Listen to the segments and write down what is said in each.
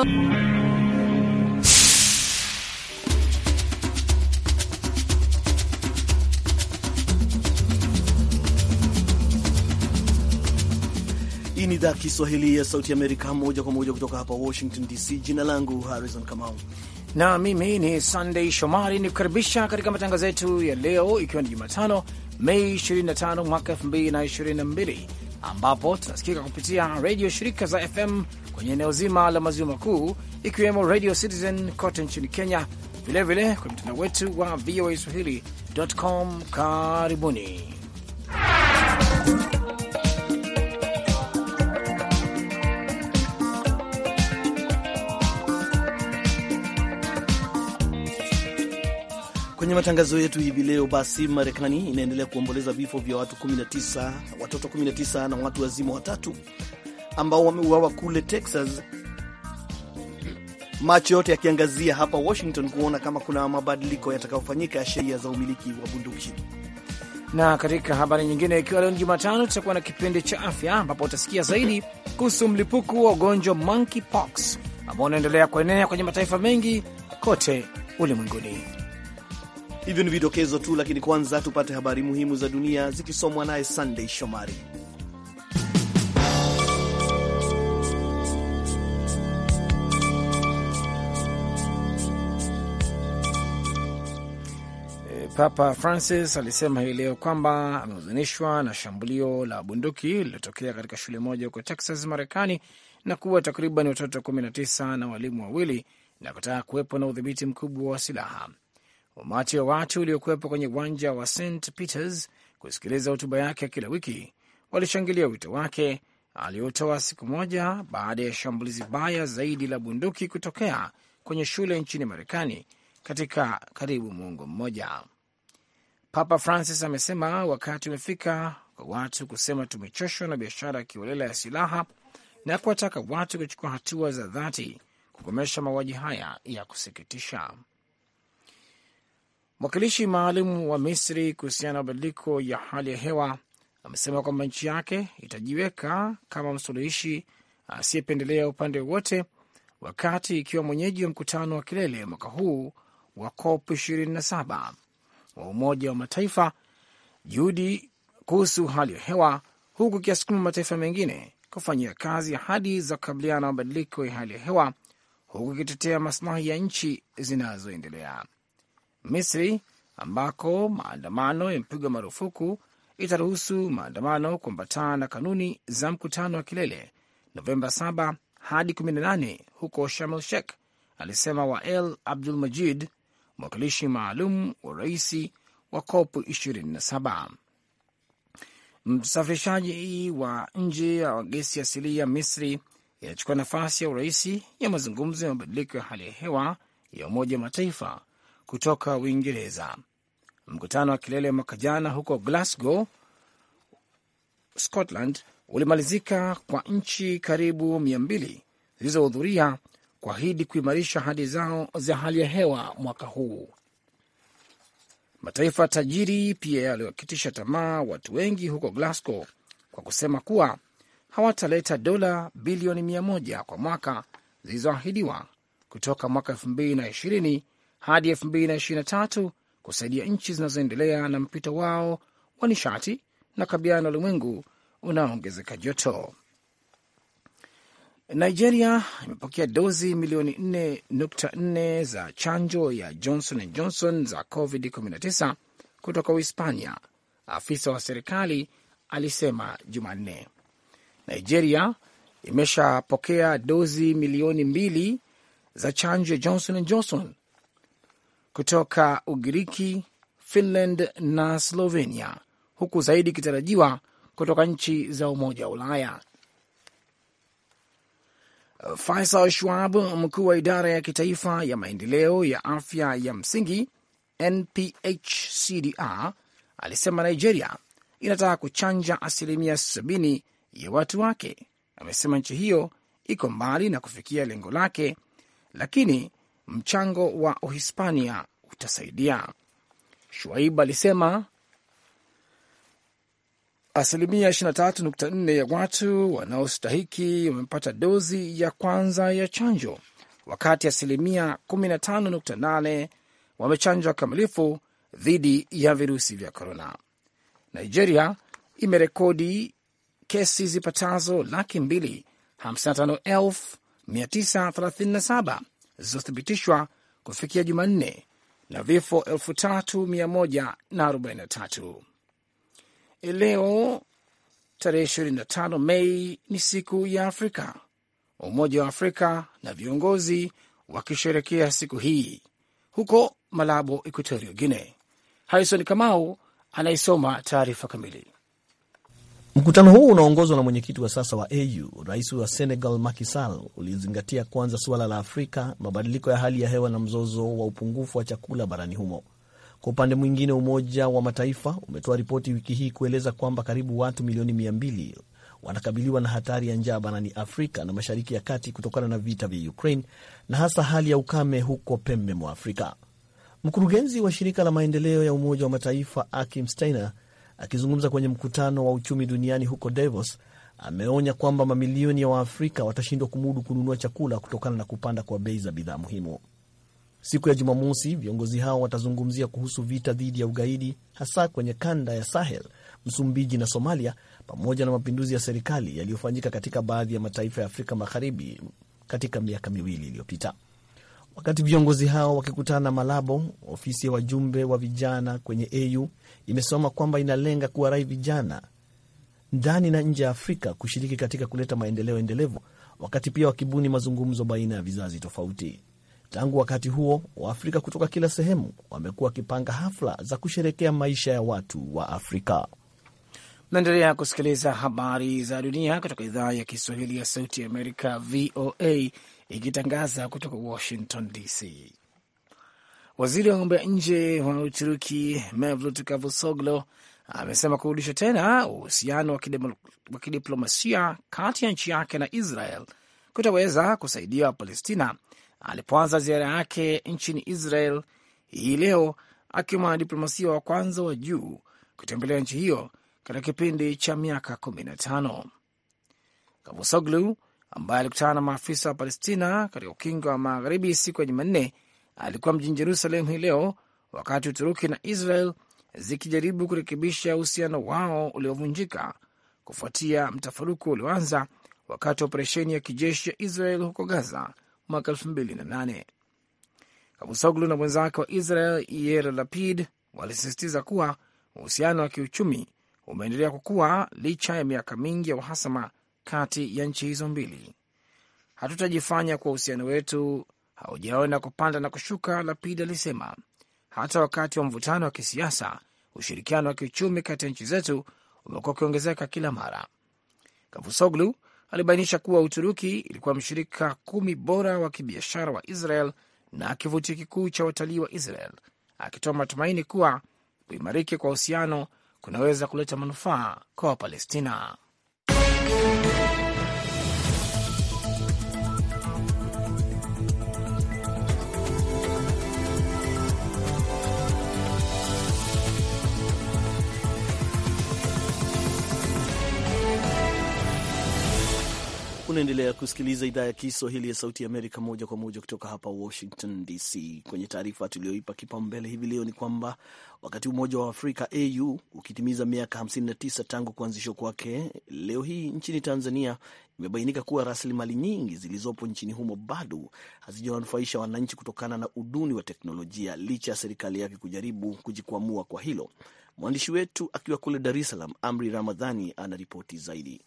Hii ni idhaa Kiswahili ya Sauti Amerika, moja kwa moja kutoka hapa Washington DC. Jina langu Harrison Kamau na mimi ni Sandey Shomari ni kukaribisha katika matangazo yetu ya leo, ikiwa ni Jumatano Mei 25 mwaka 2022 ambapo tunasikika kupitia redio shirika za FM kwenye eneo zima la maziwa makuu ikiwemo Radio Citizen kote nchini Kenya, vilevile kwenye mtandao wetu wa VOA Swahili.com. Karibuni. Kwenye matangazo yetu hivi leo, basi Marekani inaendelea kuomboleza vifo vya watu 19, watoto 19 na watu wazima watatu ambao wameuawa kule Texas, macho yote yakiangazia hapa Washington kuona kama kuna mabadiliko yatakayofanyika ya sheria za umiliki wa bunduki. Na katika habari nyingine, ikiwa leo ni Jumatano, tutakuwa na kipindi cha afya ambapo utasikia zaidi kuhusu mlipuko wa ugonjwa monkeypox ambao unaendelea kuenea kwenye mataifa mengi kote ulimwenguni. Hivyo ni vidokezo tu, lakini kwanza tupate habari muhimu za dunia zikisomwa naye Sunday Shomari. Papa Francis alisema hii leo kwamba amehuzunishwa na shambulio la bunduki lililotokea katika shule moja huko Texas, Marekani, na kuwa takriban watoto 19 na walimu wawili na kutaka kuwepo na udhibiti mkubwa wa silaha. Umati wa watu uliokuwepo kwenye uwanja wa St Peters kusikiliza hotuba yake kila wiki walishangilia wito wake aliotoa siku moja baada ya shambulizi baya zaidi la bunduki kutokea kwenye shule nchini Marekani katika karibu muongo mmoja. Papa Francis amesema wakati umefika kwa watu kusema tumechoshwa na biashara ya kiholela ya silaha na kuwataka watu kuchukua hatua za dhati kukomesha mauaji haya ya kusikitisha. Mwakilishi maalum wa Misri kuhusiana na mabadiliko ya hali ya hewa amesema kwamba nchi yake itajiweka kama msuluhishi asiyependelea upande wowote, wakati ikiwa mwenyeji wa mkutano wa kilele mwaka huu wa COP 27 wa Umoja wa Mataifa juhudi kuhusu hali ya hewa, huku kiasukuma mataifa mengine kufanyia kazi ahadi za kukabiliana na mabadiliko ya hali ya hewa, huku ikitetea masilahi ya nchi zinazoendelea. Misri ambako maandamano yamepigwa marufuku itaruhusu maandamano kuambatana na kanuni za mkutano wa kilele Novemba 7 hadi 18 huko Sharm el Sheikh, alisema Wael Abdul Majid, mwakilishi maalum wa rais wa COP 27. Msafirishaji wa nje wa gesi asili ya Misri inachukua nafasi ya uraisi ya mazungumzo ya mabadiliko ya hali ya hewa ya Umoja wa Mataifa kutoka Uingereza. Mkutano wa kilele mwaka jana huko Glasgow, Scotland ulimalizika kwa nchi karibu mia mbili zilizohudhuria kuahidi kuimarisha hadi zao za hali ya hewa mwaka huu. Mataifa tajiri pia yaliwakitisha tamaa watu wengi huko Glasgow kwa kusema kuwa hawataleta dola bilioni mia moja kwa mwaka zilizoahidiwa kutoka mwaka 2020 hadi 2023 kusaidia nchi zinazoendelea na mpito wao wa nishati na kabiana na ulimwengu unaoongezeka joto. Nigeria imepokea dozi milioni 4.4 za chanjo ya Johnson and Johnson za COVID-19 kutoka Uhispania, afisa wa serikali alisema Jumanne. Nigeria imeshapokea dozi milioni mbili za chanjo ya Johnson and Johnson kutoka Ugiriki, Finland na Slovenia, huku zaidi ikitarajiwa kutoka nchi za Umoja wa Ulaya. Faisal Shwab, mkuu wa idara ya kitaifa ya maendeleo ya afya ya msingi nphcdr alisema Nigeria inataka kuchanja asilimia 70 ya watu wake. Amesema nchi hiyo iko mbali na kufikia lengo lake, lakini mchango wa Uhispania utasaidia. Shuaib alisema asilimia 23.4 ya watu wanaostahiki wamepata dozi ya kwanza ya chanjo, wakati asilimia 15.8 wamechanjwa kamilifu dhidi ya virusi vya korona. Nigeria imerekodi kesi zipatazo laki mbili zilizothibitishwa kufikia Jumanne na vifo 3,143. E leo tarehe 25 Mei ni siku ya Afrika, Umoja wa Afrika na viongozi wakisherekea siku hii huko Malabo, Equatorio Guine. Harison Kamau anaisoma taarifa kamili. Mkutano huu unaongozwa na mwenyekiti wa sasa wa AU, rais wa Senegal Macky Sall, ulizingatia kwanza suala la Afrika, mabadiliko ya hali ya hewa na mzozo wa upungufu wa chakula barani humo. Kwa upande mwingine, Umoja wa Mataifa umetoa ripoti wiki hii kueleza kwamba karibu watu milioni mia mbili wanakabiliwa na hatari ya njaa barani Afrika na Mashariki ya Kati kutokana na vita vya Ukraine na hasa hali ya ukame huko pembe mwa Afrika. Mkurugenzi wa shirika la maendeleo ya Umoja wa Mataifa Akim Steiner akizungumza kwenye mkutano wa uchumi duniani huko Davos ameonya kwamba mamilioni ya Waafrika watashindwa kumudu kununua chakula kutokana na kupanda kwa bei za bidhaa muhimu. Siku ya Jumamosi, viongozi hao watazungumzia kuhusu vita dhidi ya ugaidi, hasa kwenye kanda ya Sahel, Msumbiji na Somalia, pamoja na mapinduzi ya serikali yaliyofanyika katika baadhi ya mataifa ya Afrika Magharibi katika miaka miwili iliyopita. Wakati viongozi hao wakikutana Malabo, ofisi ya wajumbe wa vijana kwenye AU imesoma kwamba inalenga kuwarai vijana ndani na nje ya Afrika kushiriki katika kuleta maendeleo endelevu, wakati pia wakibuni mazungumzo baina ya vizazi tofauti. Tangu wakati huo Waafrika kutoka kila sehemu wamekuwa wakipanga hafla za kusherekea maisha ya watu wa Afrika. Naendelea kusikiliza habari za dunia kutoka idhaa ya Kiswahili ya Sauti ya Amerika, VOA, ikitangaza kutoka Washington DC. Waziri wa mambo ya nje wa Uturuki Mevlut Cavusoglu amesema kurudisha tena uhusiano wa kidiplomasia kati ya nchi yake na Israel kutaweza kusaidia Wapalestina alipoanza ziara yake nchini Israel hii leo, akiwa mwanadiplomasia wa kwanza wa juu kutembelea nchi hiyo katika kipindi cha miaka 15. Cavusoglu ambaye alikutana na maafisa wa Palestina katika ukingo wa magharibi siku ya Jumanne alikuwa mjini Jerusalem hii leo wakati Uturuki na Israel zikijaribu kurekebisha uhusiano wao uliovunjika kufuatia mtafaruku ulioanza wakati wa operesheni ya kijeshi ya Israel huko Gaza mwaka 2008. Kavusoglu na mwenzake wa Israel Yair Lapid walisisitiza kuwa uhusiano wa kiuchumi umeendelea kukua licha ya miaka mingi ya uhasama kati ya nchi hizo mbili. Hatutajifanya kuwa uhusiano wetu haujaona kupanda na kushuka, Lapid alisema. Hata wakati wa mvutano wa kisiasa, ushirikiano wa kiuchumi kati ya nchi zetu umekuwa ukiongezeka kila mara. Kavusoglu alibainisha kuwa Uturuki ilikuwa mshirika kumi bora wa kibiashara wa Israel na kivutio kikuu cha watalii wa Israel, akitoa matumaini kuwa kuimariki kwa uhusiano kunaweza kuleta manufaa kwa Wapalestina. Unaendelea kusikiliza idhaa ya Kiswahili ya Sauti ya Amerika moja kwa moja kutoka hapa Washington DC. Kwenye taarifa tuliyoipa kipaumbele hivi leo ni kwamba wakati Umoja wa Afrika au ukitimiza miaka 59 tangu kuanzishwa kwake, leo hii nchini Tanzania imebainika kuwa rasilimali nyingi zilizopo nchini humo bado hazijawanufaisha wananchi kutokana na uduni wa teknolojia, licha ya serikali yake kujaribu kujikwamua kwa hilo. Mwandishi wetu akiwa kule Dar es Salaam, Amri Ramadhani, anaripoti zaidi.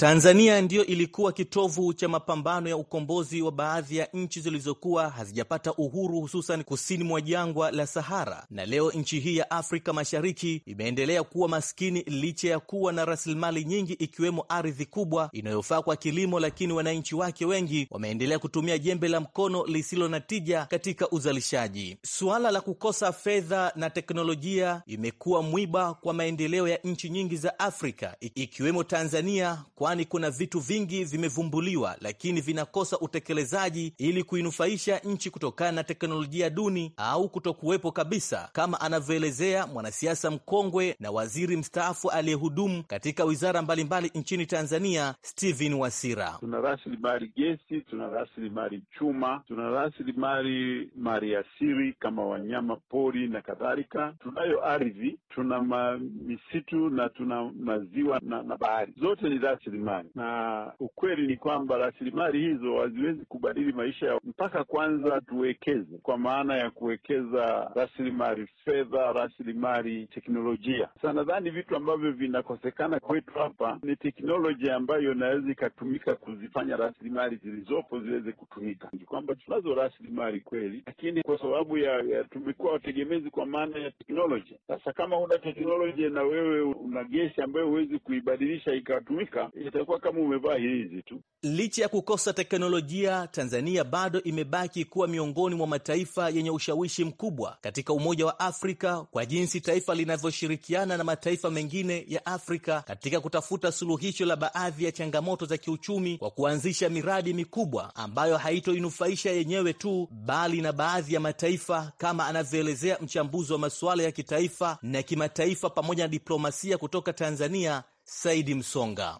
Tanzania ndiyo ilikuwa kitovu cha mapambano ya ukombozi wa baadhi ya nchi zilizokuwa hazijapata uhuru, hususan kusini mwa jangwa la Sahara, na leo nchi hii ya Afrika Mashariki imeendelea kuwa maskini licha ya kuwa na rasilimali nyingi, ikiwemo ardhi kubwa inayofaa kwa kilimo, lakini wananchi wake wengi wameendelea kutumia jembe la mkono lisilo na tija katika uzalishaji. Suala la kukosa fedha na teknolojia imekuwa mwiba kwa maendeleo ya nchi nyingi za Afrika ikiwemo Tanzania kwa kwani kuna vitu vingi vimevumbuliwa, lakini vinakosa utekelezaji ili kuinufaisha nchi kutokana na teknolojia duni au kutokuwepo kabisa, kama anavyoelezea mwanasiasa mkongwe na waziri mstaafu aliyehudumu katika wizara mbalimbali nchini Tanzania, Steven Wasira. Tuna rasilimali gesi, tuna rasilimali chuma, tuna rasilimali maliasili kama wanyama pori na kadhalika. Tunayo ardhi, tuna misitu na tuna maziwa na, na bahari, zote ni rasilimali rasilimali, na ukweli ni kwamba rasilimali hizo haziwezi kubadili maisha ya mpaka kwanza tuwekeze, kwa maana ya kuwekeza rasilimali fedha, rasilimali teknolojia. Sasa nadhani vitu ambavyo vinakosekana kwetu hapa ni teknolojia ambayo inaweza ikatumika kuzifanya rasilimali zilizopo ziweze kutumika, ni kwamba tunazo rasilimali kweli, lakini kwa sababu ya, ya tumekuwa wategemezi kwa maana ya teknolojia. Sasa kama una teknolojia na wewe una gesi ambayo huwezi kuibadilisha ikatumika itakuwa kama umevaa hizi tu. Licha ya kukosa teknolojia, Tanzania bado imebaki kuwa miongoni mwa mataifa yenye ushawishi mkubwa katika Umoja wa Afrika kwa jinsi taifa linavyoshirikiana na mataifa mengine ya Afrika katika kutafuta suluhisho la baadhi ya changamoto za kiuchumi kwa kuanzisha miradi mikubwa ambayo haitoinufaisha yenyewe tu bali na baadhi ya mataifa kama anavyoelezea mchambuzi wa masuala ya kitaifa na kimataifa pamoja na diplomasia kutoka Tanzania Saidi Msonga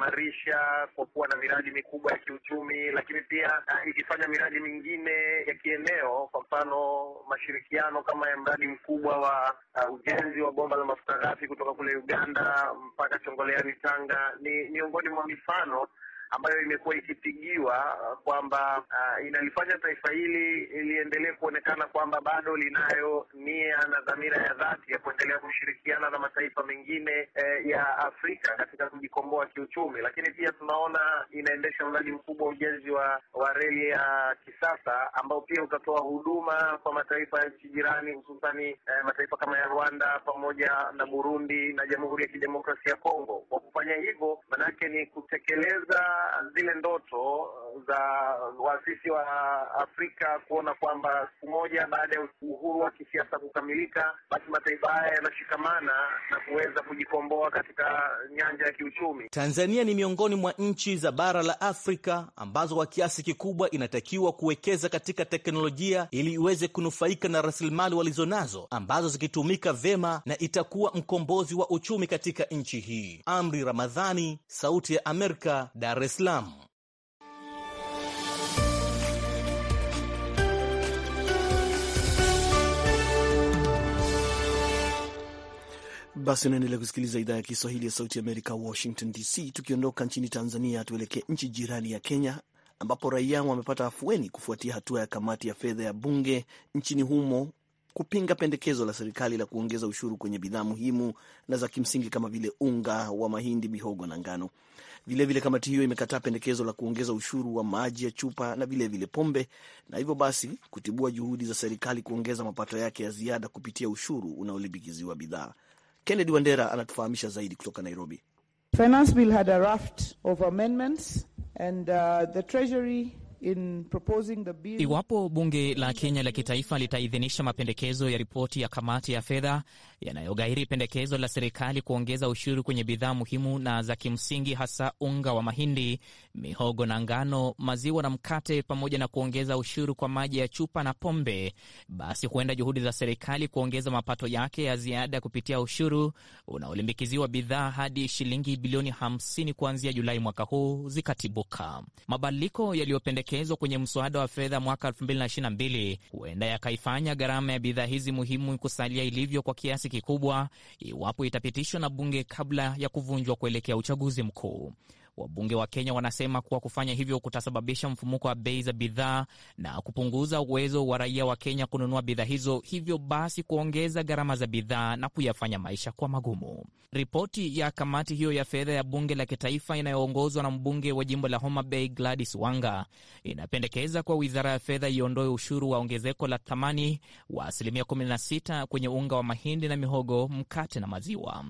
kujiimarisha kwa kuwa na miradi mikubwa ya kiuchumi, lakini pia ikifanya miradi mingine ya kieneo, kwa mfano mashirikiano kama ya mradi mkubwa wa uh, ujenzi wa bomba la mafuta ghafi kutoka kule Uganda mpaka Chongoleani Tanga ni miongoni mwa mifano ambayo imekuwa ikipigiwa kwamba uh, inalifanya taifa hili liendelee kuonekana kwamba bado linayo nia na dhamira ya dhati ya kuendelea kushirikiana na mataifa mengine eh, ya Afrika katika kujikomboa kiuchumi, lakini pia tunaona inaendesha mradi mkubwa wa ujenzi wa reli ya kisasa ambao pia utatoa huduma kwa mataifa ya nchi jirani hususani eh, mataifa kama ya Rwanda pamoja na Burundi na Jamhuri ya Kidemokrasia ya Kongo. Kwa kufanya hivyo, manake ni kutekeleza zile ndoto uh, za waasisi wa Afrika kuona kwamba siku moja baada ya uhuru wa kisiasa kukamilika, basi mataifa haya yanashikamana na kuweza kujikomboa katika nyanja ya kiuchumi. Tanzania ni miongoni mwa nchi za bara la Afrika ambazo kwa kiasi kikubwa inatakiwa kuwekeza katika teknolojia ili iweze kunufaika na rasilimali walizonazo ambazo zikitumika vyema na itakuwa mkombozi wa uchumi katika nchi hii. Amri Ramadhani, Sauti ya Amerika, Dar es es Salaam. Basi unaendelea kusikiliza idhaa ya Kiswahili ya Sauti Amerika, Washington DC. Tukiondoka nchini Tanzania, tuelekee nchi jirani ya Kenya ambapo raia wamepata afueni kufuatia hatua ya kamati ya fedha ya bunge nchini humo kupinga pendekezo la serikali la kuongeza ushuru kwenye bidhaa muhimu na za kimsingi kama vile unga wa mahindi, mihogo na ngano. Vilevile, kamati hiyo imekataa pendekezo la kuongeza ushuru wa maji ya chupa na vilevile pombe, na hivyo basi kutibua juhudi za serikali kuongeza mapato yake ya ziada kupitia ushuru unaolimbikiziwa bidhaa. Kennedy Wandera anatufahamisha zaidi kutoka Nairobi. Finance bill had a raft of amendments and, uh, the treasury In proposing the bill... Iwapo bunge la Kenya la kitaifa litaidhinisha mapendekezo ya ripoti ya kamati ya fedha yanayoghairi pendekezo la serikali kuongeza ushuru kwenye bidhaa muhimu na za kimsingi, hasa unga wa mahindi, mihogo na ngano, maziwa na mkate, pamoja na kuongeza ushuru kwa maji ya chupa na pombe, basi huenda juhudi za serikali kuongeza mapato yake ya ziada kupitia ushuru unaolimbikiziwa bidhaa hadi shilingi bilioni 50 kuanzia Julai mwaka huu zikatibuka. Mabadiliko yaliyopendekezwa kwenye mswada wa fedha mwaka 2022 huenda yakaifanya gharama ya bidhaa hizi muhimu kusalia ilivyo kwa kiasi kikubwa iwapo itapitishwa na bunge kabla ya kuvunjwa kuelekea uchaguzi mkuu. Wabunge wa Kenya wanasema kuwa kufanya hivyo kutasababisha mfumuko wa bei za bidhaa na kupunguza uwezo wa raia wa Kenya kununua bidhaa hizo, hivyo basi kuongeza gharama za bidhaa na kuyafanya maisha kwa magumu. Ripoti ya kamati hiyo ya fedha ya bunge la kitaifa inayoongozwa na mbunge wa jimbo la Homa Bay Gladys Wanga inapendekeza kuwa wizara ya fedha iondoe ushuru wa ongezeko la thamani wa asilimia 16 kwenye unga wa mahindi na mihogo, mkate na maziwa.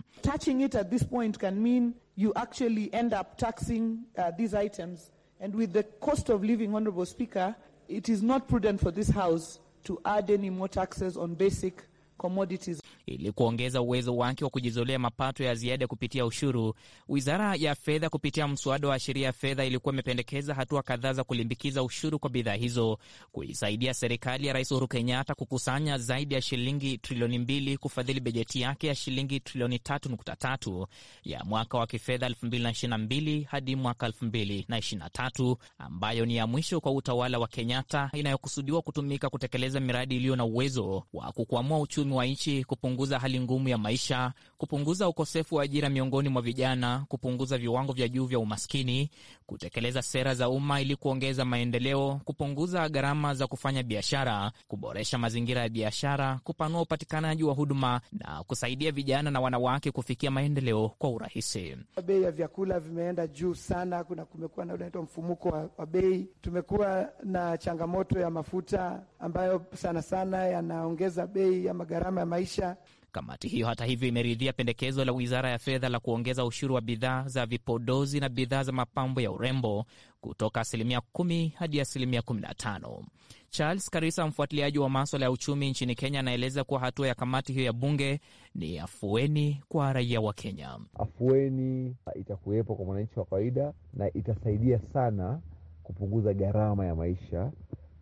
you actually end up taxing uh, these items. And with the cost of living, Honorable Speaker, it is not prudent for this House to add any more taxes on basic commodities. Ili kuongeza uwezo wake wa kujizolea mapato ya ziada kupitia ushuru, wizara ya fedha kupitia mswada wa sheria ya fedha ilikuwa imependekeza hatua kadhaa za kulimbikiza ushuru kwa bidhaa hizo, kuisaidia serikali ya Rais Uhuru Kenyatta kukusanya zaidi ya shilingi trilioni mbili kufadhili bajeti yake ya shilingi trilioni tatu nukta tatu ya mwaka wa kifedha 2022 hadi mwaka 2023 ambayo ni ya mwisho kwa utawala wa Kenyatta, inayokusudiwa kutumika kutekeleza miradi iliyo na uwezo wa kukwamua uchumi uchumi wa nchi, kupunguza hali ngumu ya maisha, kupunguza ukosefu wa ajira miongoni mwa vijana, kupunguza viwango vya juu vya umaskini, kutekeleza sera za umma ili kuongeza maendeleo, kupunguza gharama za kufanya biashara, kuboresha mazingira ya biashara, kupanua upatikanaji wa huduma na kusaidia vijana na wanawake kufikia maendeleo kwa urahisi. Bei ya vyakula vimeenda juu sana, kuna kumekuwa na unaitwa mfumuko wa, wa bei. Tumekuwa na changamoto ya mafuta ambayo sana sana yanaongeza bei ya magari gharama ya maisha. Kamati hiyo hata hivyo imeridhia pendekezo la wizara ya fedha la kuongeza ushuru wa bidhaa za vipodozi na bidhaa za mapambo ya urembo kutoka asilimia kumi hadi asilimia kumi na tano. Charles Karisa, mfuatiliaji wa maswala ya uchumi nchini Kenya, anaeleza kuwa hatua ya kamati hiyo ya bunge ni afueni kwa raia wa Kenya. Afueni itakuwepo kwa mwananchi wa kawaida na itasaidia sana kupunguza gharama ya maisha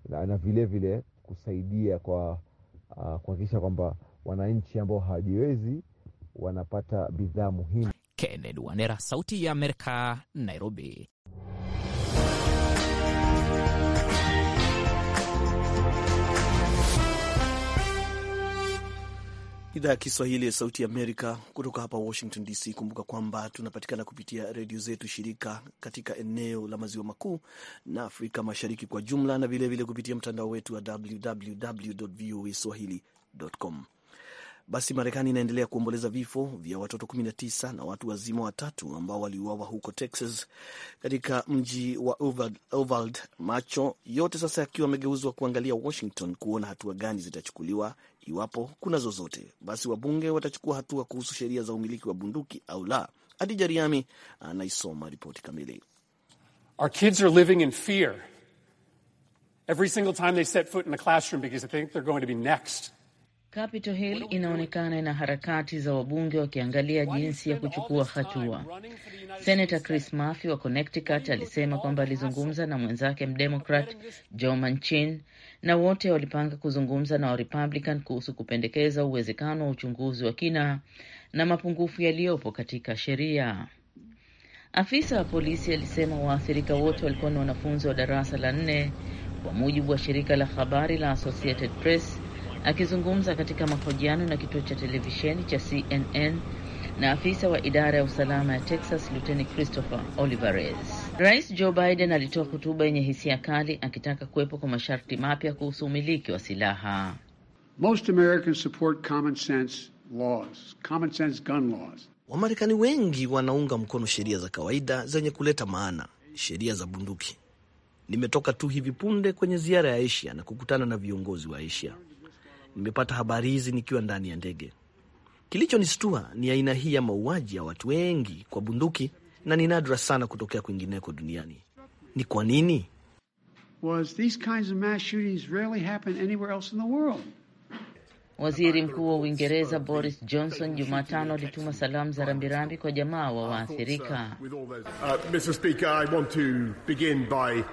na vilevile vile kusaidia kwa Uh, kuhakikisha kwamba wananchi ambao hawajiwezi wanapata bidhaa muhimu. Kennedy Wandera, Sauti ya Amerika, Nairobi. Idhaa ya Kiswahili ya Sauti ya Amerika kutoka hapa Washington DC. Kumbuka kwamba tunapatikana kupitia redio zetu shirika katika eneo la maziwa makuu na Afrika Mashariki kwa jumla, na vilevile kupitia mtandao wetu wa www voa swahilicom Basi Marekani inaendelea kuomboleza vifo vya watoto 19 na watu wazima watatu ambao waliuawa huko Texas, katika mji wa Uvalde, macho yote sasa yakiwa amegeuzwa kuangalia Washington kuona hatua gani zitachukuliwa Iwapo kuna zozote, basi wabunge watachukua hatua kuhusu sheria za umiliki wa bunduki au la. Adija Riami anaisoma ripoti kamili. Our kids are living in fear every single time they set foot in classroom because they think they're going to be next. Capitol Hill inaonekana ina harakati za wabunge wakiangalia jinsi ya kuchukua hatua. Senator Chris Murphy wa Connecticut alisema kwamba alizungumza na mwenzake mdemokrat Joe Manchin na wote walipanga kuzungumza na Warepublican kuhusu kupendekeza uwezekano wa uchunguzi wa kina na mapungufu yaliyopo katika sheria. Afisa wa polisi alisema waathirika wote walikuwa ni wanafunzi wa darasa la nne, kwa mujibu wa shirika la habari la Associated Press. Akizungumza katika mahojiano na kituo cha televisheni cha CNN na afisa wa idara ya usalama ya Texas, Luteni Christopher Olivares Rais Joe Biden alitoa hotuba yenye hisia kali akitaka kuwepo kwa masharti mapya kuhusu umiliki wa silaha. Most Americans support common sense laws, common sense gun laws. Wamarekani wengi wanaunga mkono sheria za kawaida zenye kuleta maana, sheria za bunduki. Nimetoka tu hivi punde kwenye ziara ya Asia na kukutana na viongozi wa Asia. Nimepata habari hizi nikiwa ndani ya ndege. Kilichonistua ni aina hii ya mauaji ya watu wengi kwa bunduki na ni nadra sana kutokea kwingineko duniani. Ni kwa nini? Waziri Mkuu wa Uingereza Boris Johnson Jumatano alituma salamu za rambirambi kwa jamaa wa waathirika. Uh,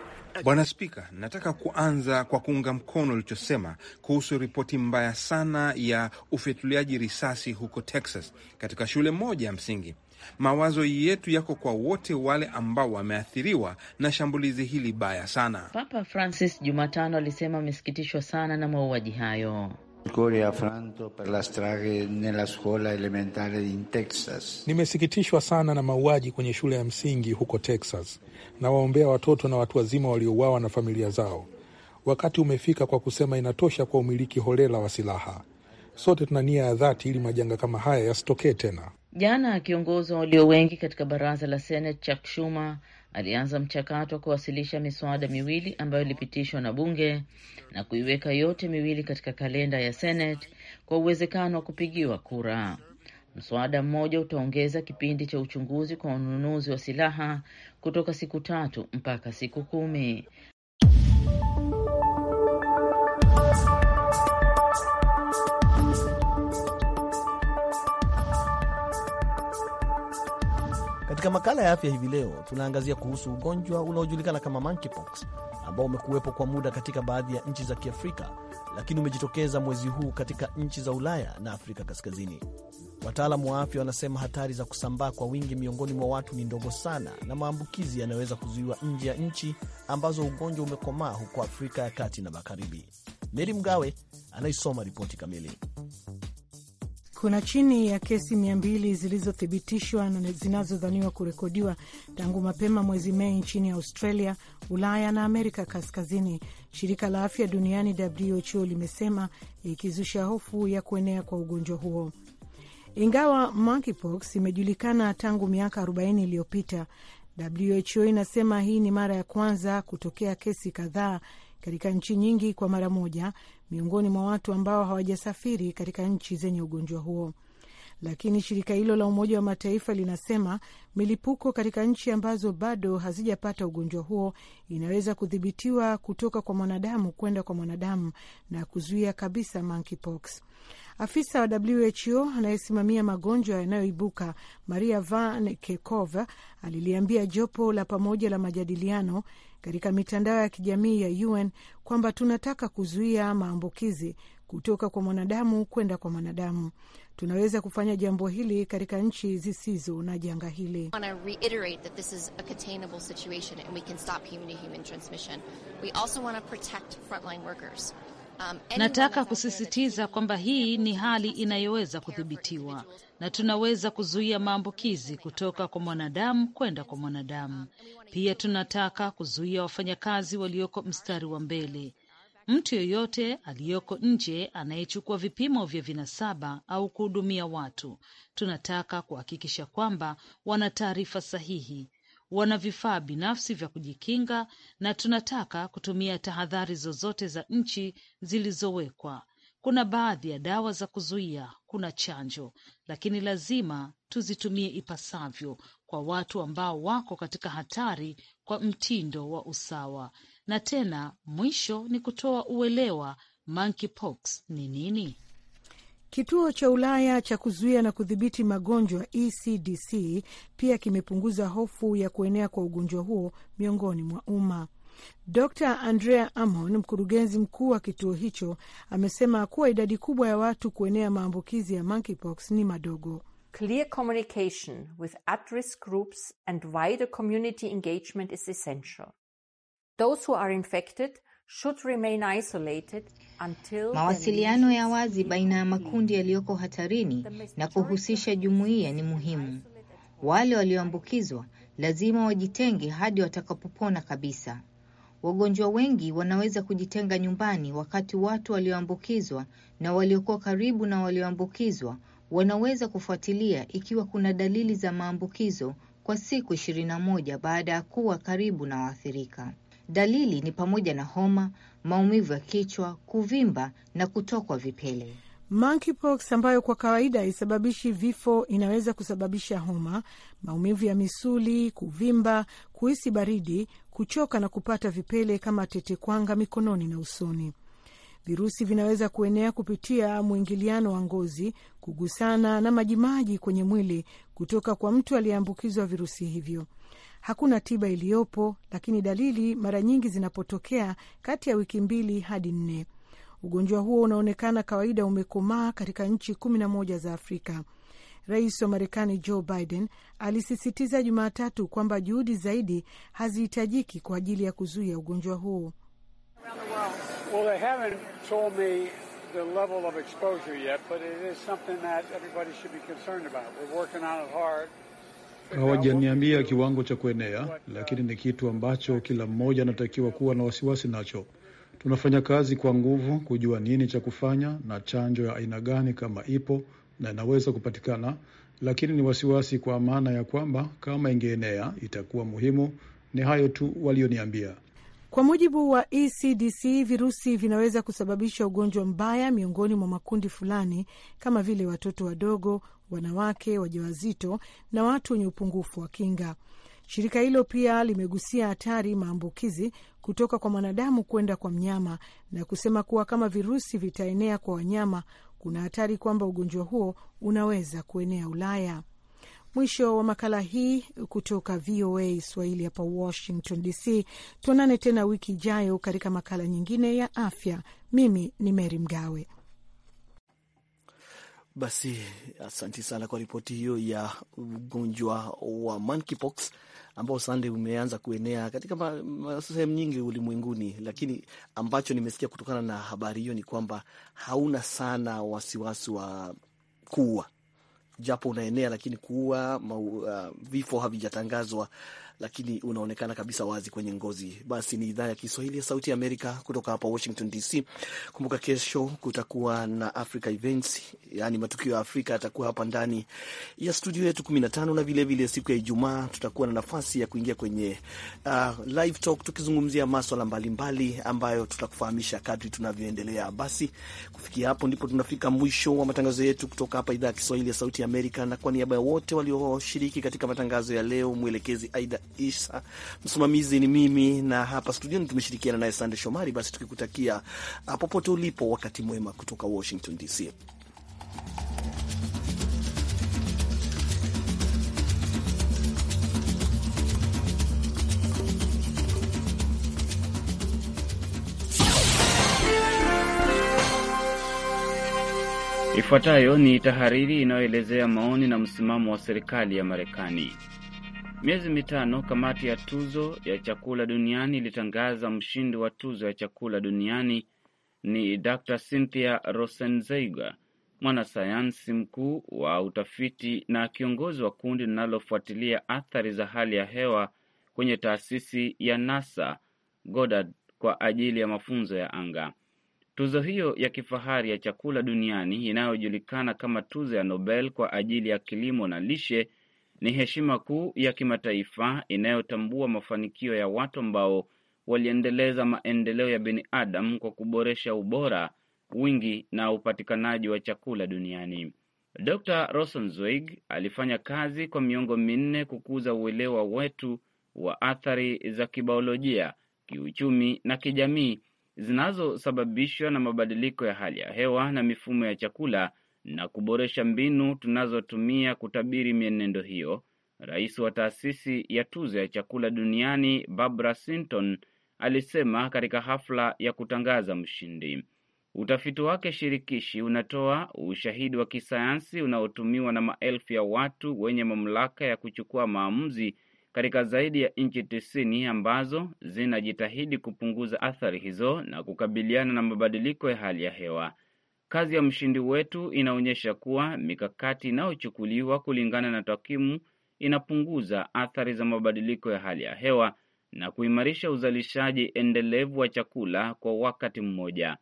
Bwana Spika, nataka kuanza kwa kuunga mkono ulichosema kuhusu ripoti mbaya sana ya ufyatuliaji risasi huko Texas katika shule moja ya msingi. Mawazo yetu yako kwa wote wale ambao wameathiriwa na shambulizi hili baya sana. Papa Francis Jumatano alisema amesikitishwa sana na mauaji hayo. Nimesikitishwa sana na mauaji kwenye shule ya msingi huko Texas, na waombea watoto na watu wazima waliouawa na familia zao. Wakati umefika kwa kusema inatosha kwa umiliki holela wa silaha. Sote tuna nia ya dhati ili majanga kama haya yasitokee tena. Jana kiongozi wa walio wengi katika baraza la Senate Chuck Schumer alianza mchakato wa kuwasilisha miswada miwili ambayo ilipitishwa na bunge na kuiweka yote miwili katika kalenda ya Senate kwa uwezekano wa kupigiwa kura. Mswada mmoja utaongeza kipindi cha uchunguzi kwa ununuzi wa silaha kutoka siku tatu mpaka siku kumi. Katika makala ya afya hivi leo tunaangazia kuhusu ugonjwa unaojulikana kama monkeypox ambao umekuwepo kwa muda katika baadhi ya nchi za Kiafrika, lakini umejitokeza mwezi huu katika nchi za Ulaya na Afrika Kaskazini. Wataalamu wa afya wanasema hatari za kusambaa kwa wingi miongoni mwa watu ni ndogo sana na maambukizi yanaweza kuzuiwa nje ya nchi ambazo ugonjwa umekomaa huko Afrika ya kati na magharibi. Meri Mgawe anaisoma ripoti kamili kuna chini ya kesi mia mbili zilizothibitishwa na zinazodhaniwa kurekodiwa tangu mapema mwezi Mei nchini Australia, Ulaya na Amerika Kaskazini, shirika la afya duniani WHO limesema ikizusha hofu ya kuenea kwa ugonjwa huo. Ingawa monkeypox imejulikana tangu miaka 40 iliyopita, WHO inasema hii ni mara ya kwanza kutokea kesi kadhaa katika nchi nyingi kwa mara moja miongoni mwa watu ambao hawajasafiri katika nchi zenye ugonjwa huo. Lakini shirika hilo la Umoja wa Mataifa linasema milipuko katika nchi ambazo bado hazijapata ugonjwa huo inaweza kudhibitiwa kutoka kwa mwanadamu kwenda kwa mwanadamu na kuzuia kabisa monkeypox. Afisa wa WHO anayesimamia magonjwa yanayoibuka Maria Van Kekova aliliambia jopo la pamoja la majadiliano katika mitandao ya kijamii ya UN kwamba tunataka kuzuia maambukizi kutoka kwa mwanadamu kwenda kwa mwanadamu. Tunaweza kufanya jambo hili katika nchi zisizo na janga hili. Um, Nataka kusisitiza kwamba hii ni hali inayoweza kudhibitiwa na tunaweza kuzuia maambukizi kutoka kwa mwanadamu kwenda kwa mwanadamu. Um, Pia tunataka kuzuia wafanyakazi walioko mstari wa mbele. Mtu yeyote aliyoko nje anayechukua vipimo vya vinasaba au kuhudumia watu, tunataka kuhakikisha kwamba wana taarifa sahihi wana vifaa binafsi vya kujikinga, na tunataka kutumia tahadhari zozote za nchi zilizowekwa. Kuna baadhi ya dawa za kuzuia, kuna chanjo, lakini lazima tuzitumie ipasavyo kwa watu ambao wako katika hatari, kwa mtindo wa usawa. Na tena mwisho ni kutoa uelewa monkeypox ni nini. Kituo cha Ulaya cha kuzuia na kudhibiti magonjwa ECDC pia kimepunguza hofu ya kuenea kwa ugonjwa huo miongoni mwa umma. Dr Andrea Amon, mkurugenzi mkuu wa kituo hicho, amesema kuwa idadi kubwa ya watu kuenea maambukizi ya monkeypox ni madogo. Clear communication with at-risk groups and wider community engagement is essential. Those who are infected Mawasiliano ya wazi baina ya makundi yaliyoko hatarini na kuhusisha jumuiya ni muhimu. Wale walioambukizwa lazima wajitenge hadi watakapopona kabisa. Wagonjwa wengi wanaweza kujitenga nyumbani, wakati watu walioambukizwa na waliokuwa karibu na walioambukizwa wanaweza kufuatilia ikiwa kuna dalili za maambukizo kwa siku 21 baada ya kuwa karibu na waathirika. Dalili ni pamoja na homa, maumivu ya kichwa, kuvimba na kutokwa vipele. Monkeypox ambayo kwa kawaida haisababishi vifo inaweza kusababisha homa, maumivu ya misuli, kuvimba, kuhisi baridi, kuchoka na kupata vipele kama tetekwanga mikononi na usoni. Virusi vinaweza kuenea kupitia mwingiliano wa ngozi, kugusana na majimaji kwenye mwili kutoka kwa mtu aliyeambukizwa virusi hivyo. Hakuna tiba iliyopo, lakini dalili mara nyingi zinapotokea kati ya wiki mbili hadi nne. Ugonjwa huo unaonekana kawaida umekomaa katika nchi kumi na moja za Afrika. Rais wa Marekani Joe Biden alisisitiza Jumatatu kwamba juhudi zaidi hazihitajiki kwa ajili ya kuzuia ugonjwa huo. Well, hawajaniambia kiwango cha kuenea, lakini ni kitu ambacho kila mmoja anatakiwa kuwa na wasiwasi nacho. Tunafanya kazi kwa nguvu kujua nini cha kufanya na chanjo ya aina gani kama ipo na inaweza kupatikana, lakini ni wasiwasi kwa maana ya kwamba kama ingeenea itakuwa muhimu. Ni hayo tu walioniambia. Kwa mujibu wa ECDC, virusi vinaweza kusababisha ugonjwa mbaya miongoni mwa makundi fulani kama vile watoto wadogo, wanawake wajawazito na watu wenye upungufu wa kinga. Shirika hilo pia limegusia hatari maambukizi kutoka kwa mwanadamu kwenda kwa mnyama na kusema kuwa kama virusi vitaenea kwa wanyama, kuna hatari kwamba ugonjwa huo unaweza kuenea Ulaya. Mwisho wa makala hii kutoka VOA Swahili hapa Washington DC. Tuonane tena wiki ijayo katika makala nyingine ya afya. Mimi ni Mary Mgawe. Basi asanti sana kwa ripoti hiyo ya ugonjwa wa monkeypox ambao sande umeanza kuenea katika sehemu nyingi ulimwenguni, lakini ambacho nimesikia kutokana na habari hiyo ni kwamba hauna sana wasiwasi wa kuua japo unaenea, lakini kuua uh, vifo havijatangazwa lakini unaonekana kabisa wazi kwenye ngozi. Basi ni idhaa ya Kiswahili ya Sauti ya Amerika kutoka hapa Washington DC. Kumbuka kesho kutakuwa na Africa Events, yani matukio ya Afrika yatakuwa hapa ndani ya studio yetu 15 na vilevile siku ya Ijumaa tutakuwa na nafasi ya kuingia kwenye uh, live talk tukizungumzia maswala mbalimbali ambayo tutakufahamisha kadri tunavyoendelea. Basi kufikia hapo ndipo tunafika mwisho wa matangazo yetu kutoka hapa idhaa ya Kiswahili ya Sauti ya Amerika, na kwa niaba ya wote walioshiriki katika matangazo ya leo, mwelekezi Aida Isa. Msimamizi ni mimi na hapa studioni tumeshirikiana naye Sande Shomari. Basi tukikutakia ah, popote ulipo wakati mwema kutoka Washington DC. Ifuatayo ni tahariri inayoelezea maoni na msimamo wa serikali ya Marekani. Miezi mitano kamati ya tuzo ya chakula duniani ilitangaza mshindi wa tuzo ya chakula duniani ni Dr Cynthia Rosenzeiger, mwanasayansi mkuu wa utafiti na kiongozi wa kundi linalofuatilia athari za hali ya hewa kwenye taasisi ya NASA Goddard kwa ajili ya mafunzo ya anga. Tuzo hiyo ya kifahari ya chakula duniani inayojulikana kama tuzo ya Nobel kwa ajili ya kilimo na lishe ni heshima kuu ya kimataifa inayotambua mafanikio ya watu ambao waliendeleza maendeleo ya binadamu kwa kuboresha ubora, wingi na upatikanaji wa chakula duniani. Dr. Rosenzweig alifanya kazi kwa miongo minne kukuza uelewa wetu wa athari za kibiolojia, kiuchumi na kijamii zinazosababishwa na mabadiliko ya hali ya hewa na mifumo ya chakula na kuboresha mbinu tunazotumia kutabiri mienendo hiyo, rais wa taasisi ya tuzo ya chakula duniani Barbara Sinton alisema katika hafla ya kutangaza mshindi. Utafiti wake shirikishi unatoa ushahidi wa kisayansi unaotumiwa na maelfu ya watu wenye mamlaka ya kuchukua maamuzi katika zaidi ya nchi tisini ambazo zinajitahidi kupunguza athari hizo na kukabiliana na mabadiliko ya hali ya hewa. Kazi ya mshindi wetu inaonyesha kuwa mikakati inayochukuliwa kulingana na takwimu inapunguza athari za mabadiliko ya hali ya hewa na kuimarisha uzalishaji endelevu wa chakula kwa wakati mmoja.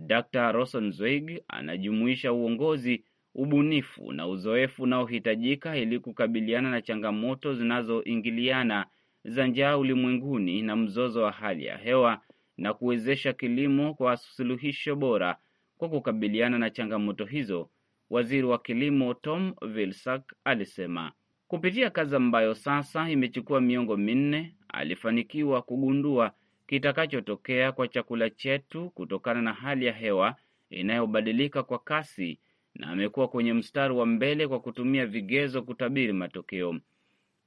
Dr. Rosenzweig anajumuisha uongozi, ubunifu na uzoefu unaohitajika ili kukabiliana na changamoto zinazoingiliana za njaa ulimwenguni na mzozo wa hali ya hewa na kuwezesha kilimo kwa suluhisho bora kwa kukabiliana na changamoto hizo, waziri wa kilimo Tom Vilsack alisema kupitia kazi ambayo sasa imechukua miongo minne, alifanikiwa kugundua kitakachotokea kwa chakula chetu kutokana na hali ya hewa inayobadilika kwa kasi, na amekuwa kwenye mstari wa mbele kwa kutumia vigezo kutabiri matokeo.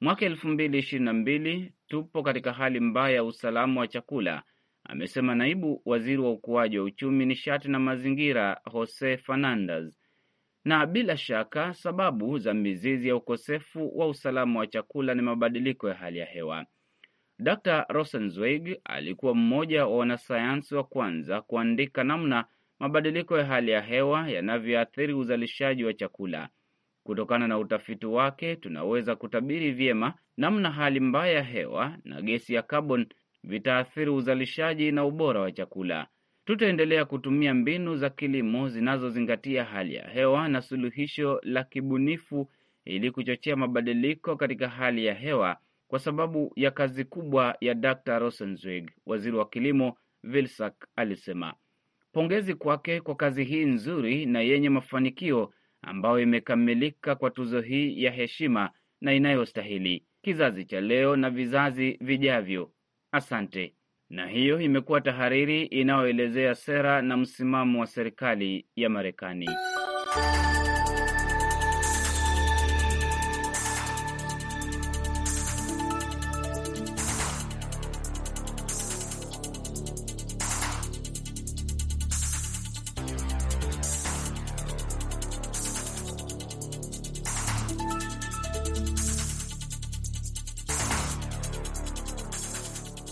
Mwaka 222 tupo katika hali mbaya ya usalama wa chakula amesema naibu waziri wa ukuaji wa uchumi, nishati na mazingira Jose Fernandez. Na bila shaka sababu za mizizi ya ukosefu wa usalama wa chakula ni mabadiliko ya hali ya hewa. Dr Rosenzweig alikuwa mmoja wa wanasayansi wa kwanza kuandika namna mabadiliko ya hali ya hewa yanavyoathiri uzalishaji wa chakula. Kutokana na utafiti wake, tunaweza kutabiri vyema namna hali mbaya ya hewa na gesi ya kaboni vitaathiri uzalishaji na ubora wa chakula. Tutaendelea kutumia mbinu za kilimo zinazozingatia hali ya hewa na suluhisho la kibunifu ili kuchochea mabadiliko katika hali ya hewa, kwa sababu ya kazi kubwa ya Dr. Rosenzweig, waziri wa kilimo Vilsack alisema. Pongezi kwake kwa kazi hii nzuri na yenye mafanikio ambayo imekamilika kwa tuzo hii ya heshima na inayostahili kizazi cha leo na vizazi vijavyo. Asante. Na hiyo imekuwa tahariri inayoelezea sera na msimamo wa serikali ya Marekani.